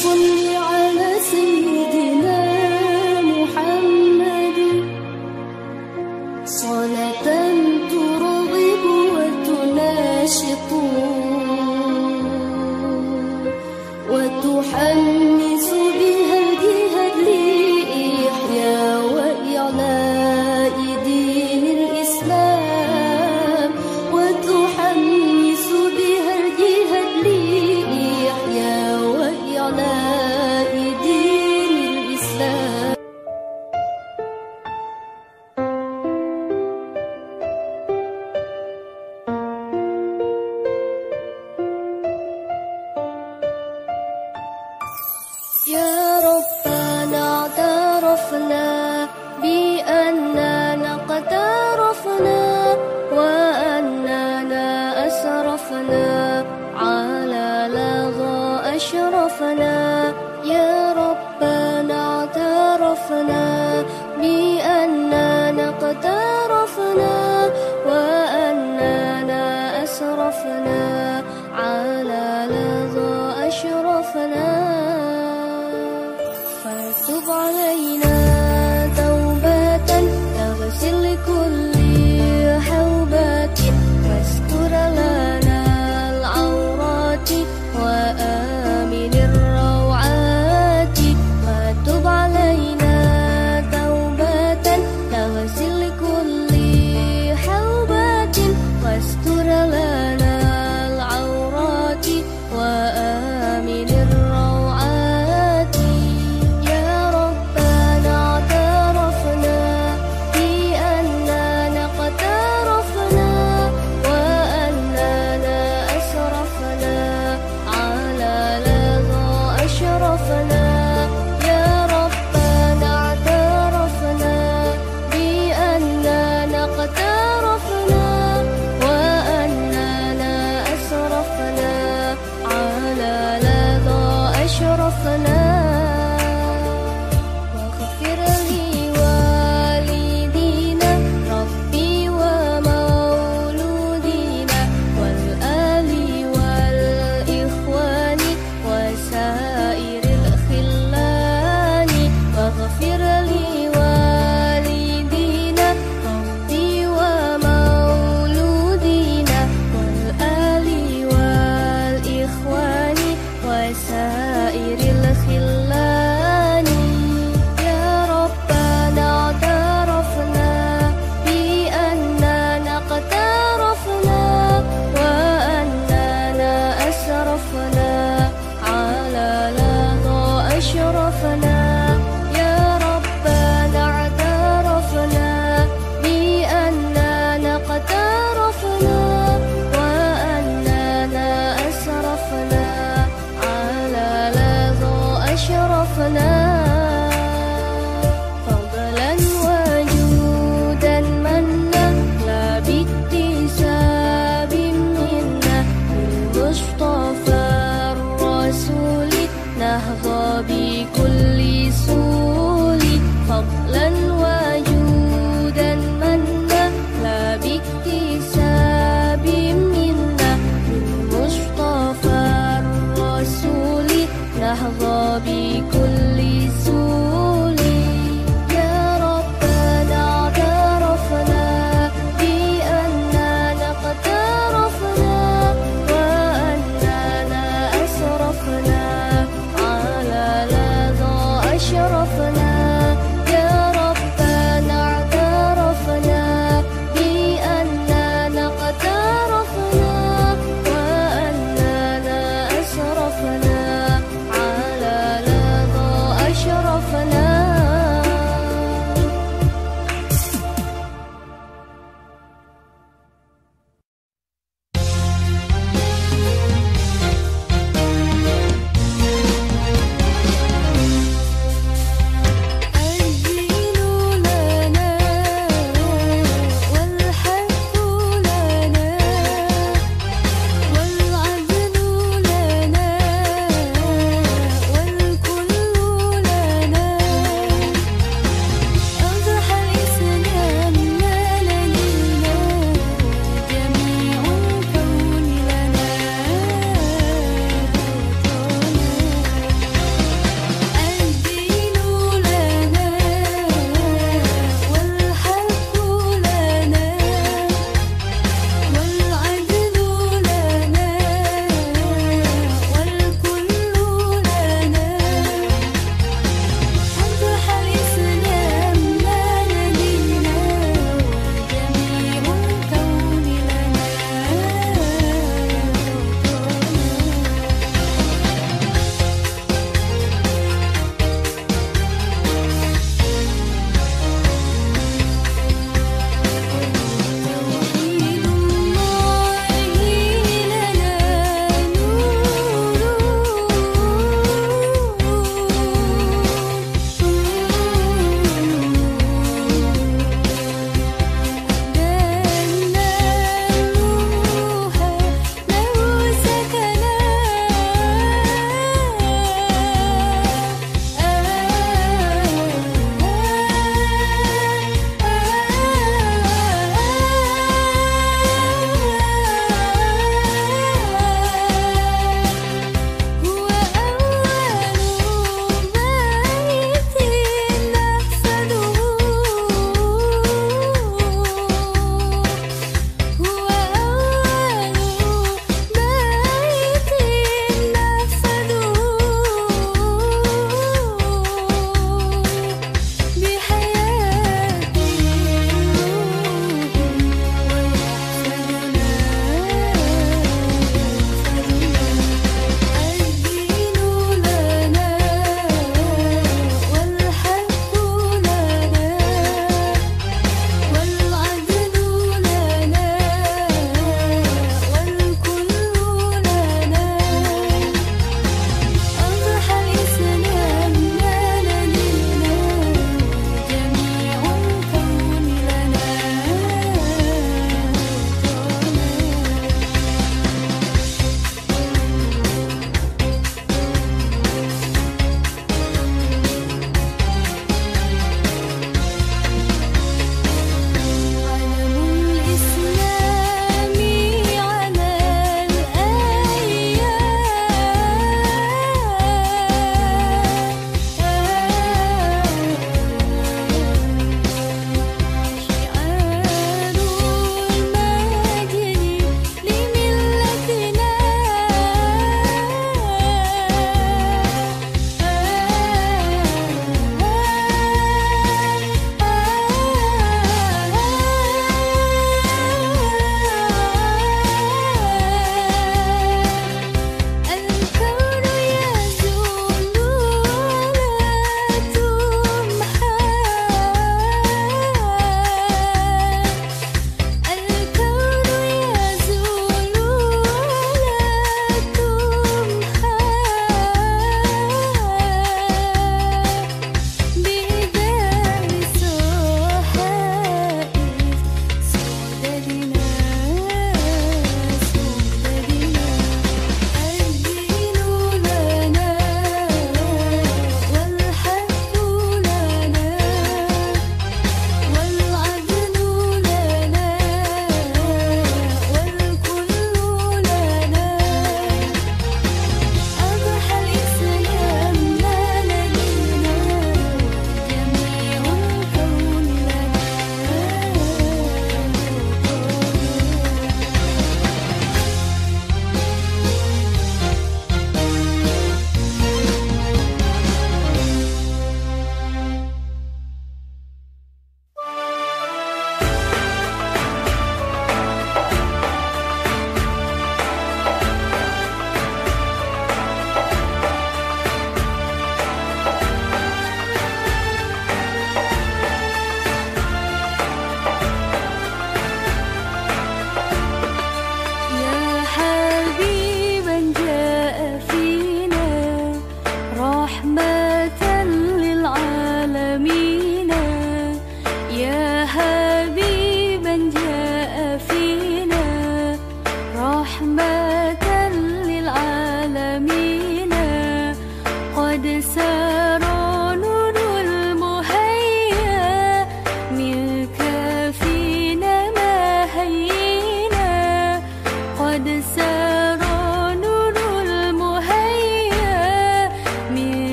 说你。Toros en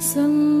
算。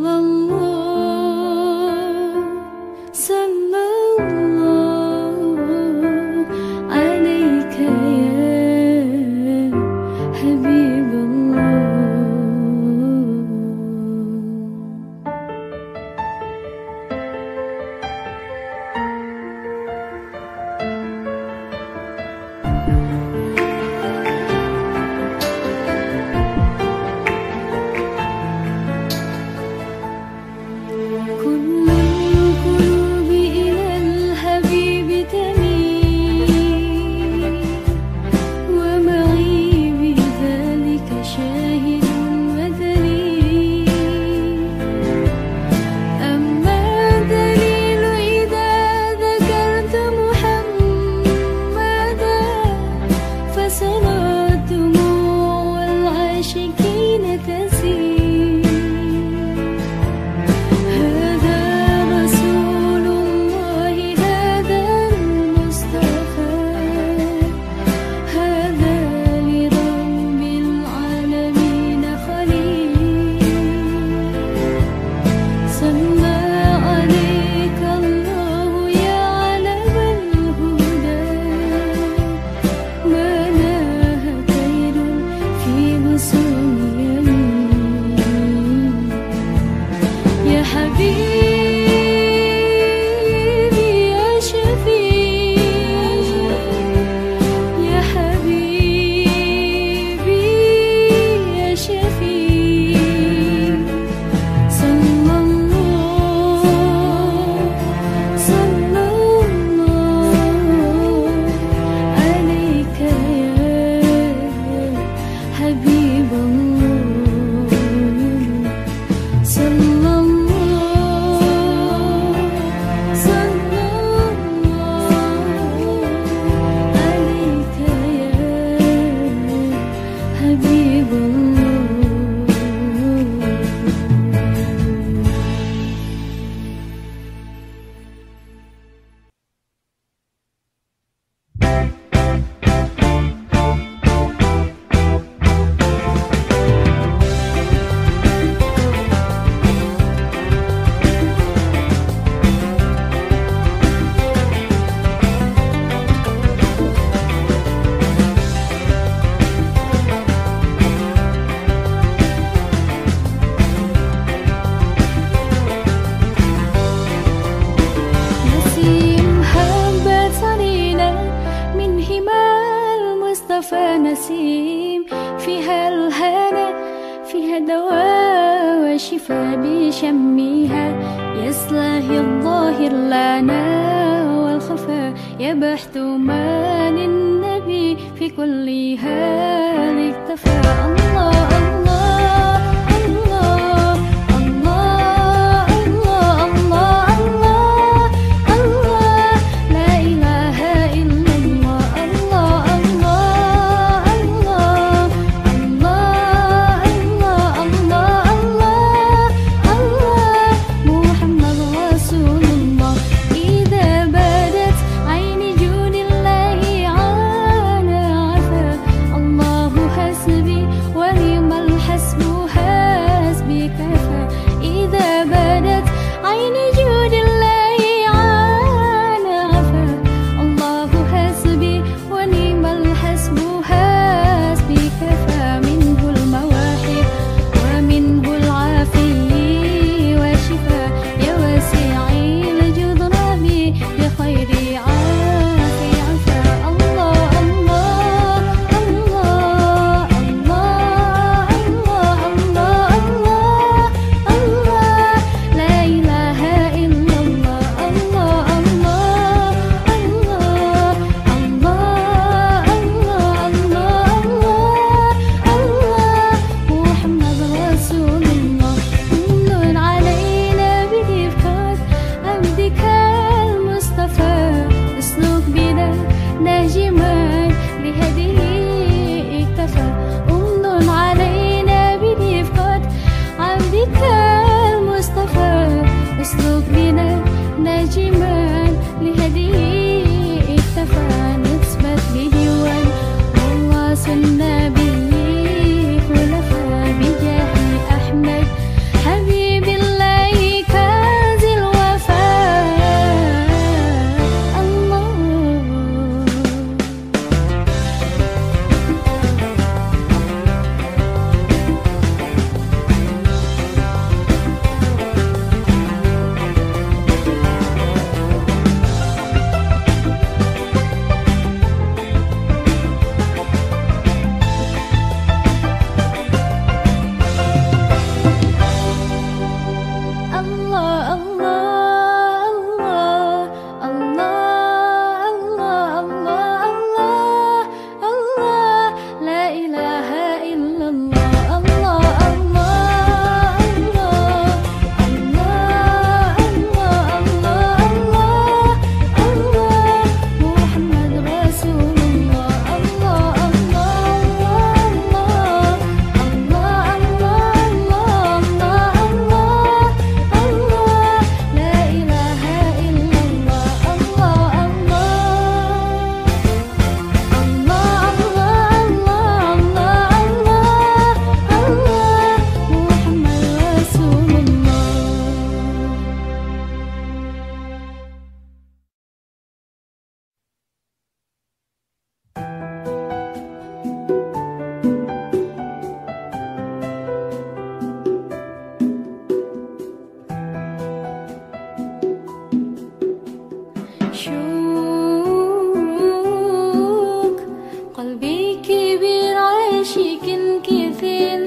كبير عيشك كثير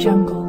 jungle.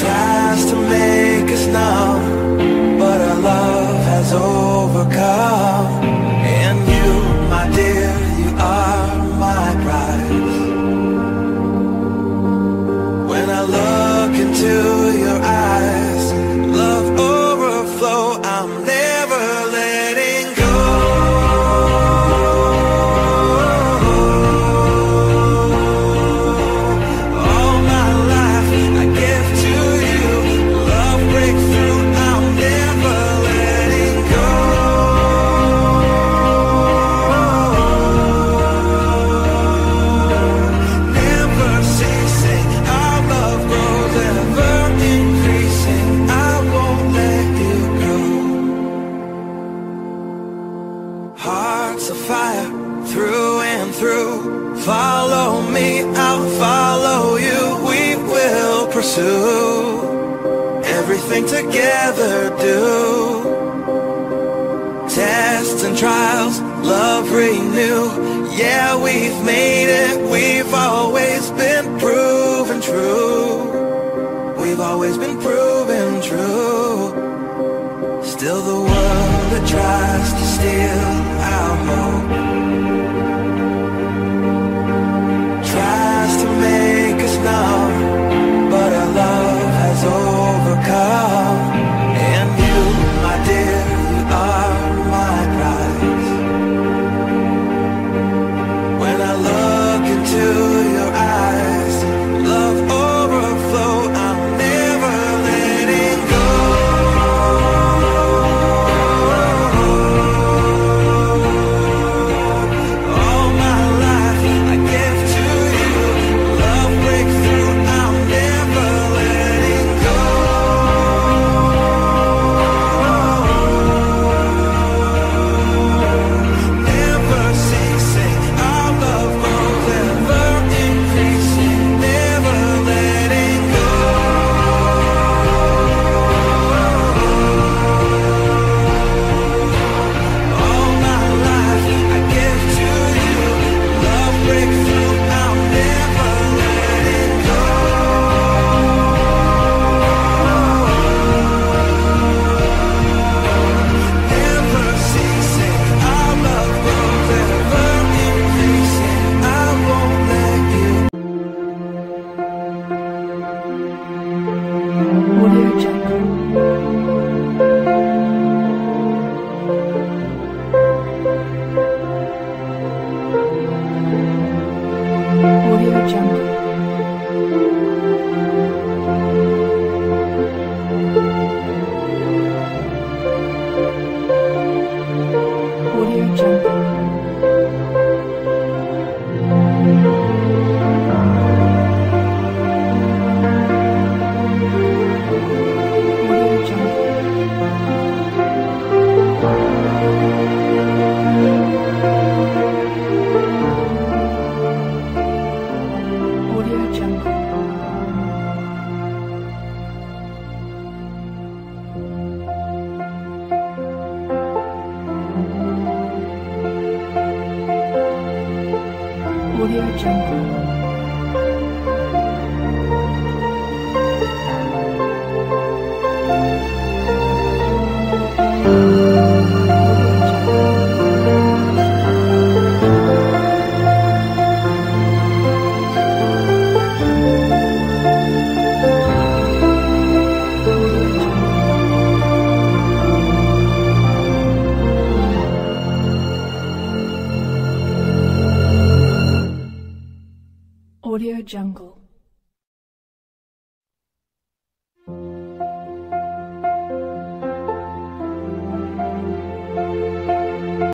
tries to make us numb, but our love has overcome. viva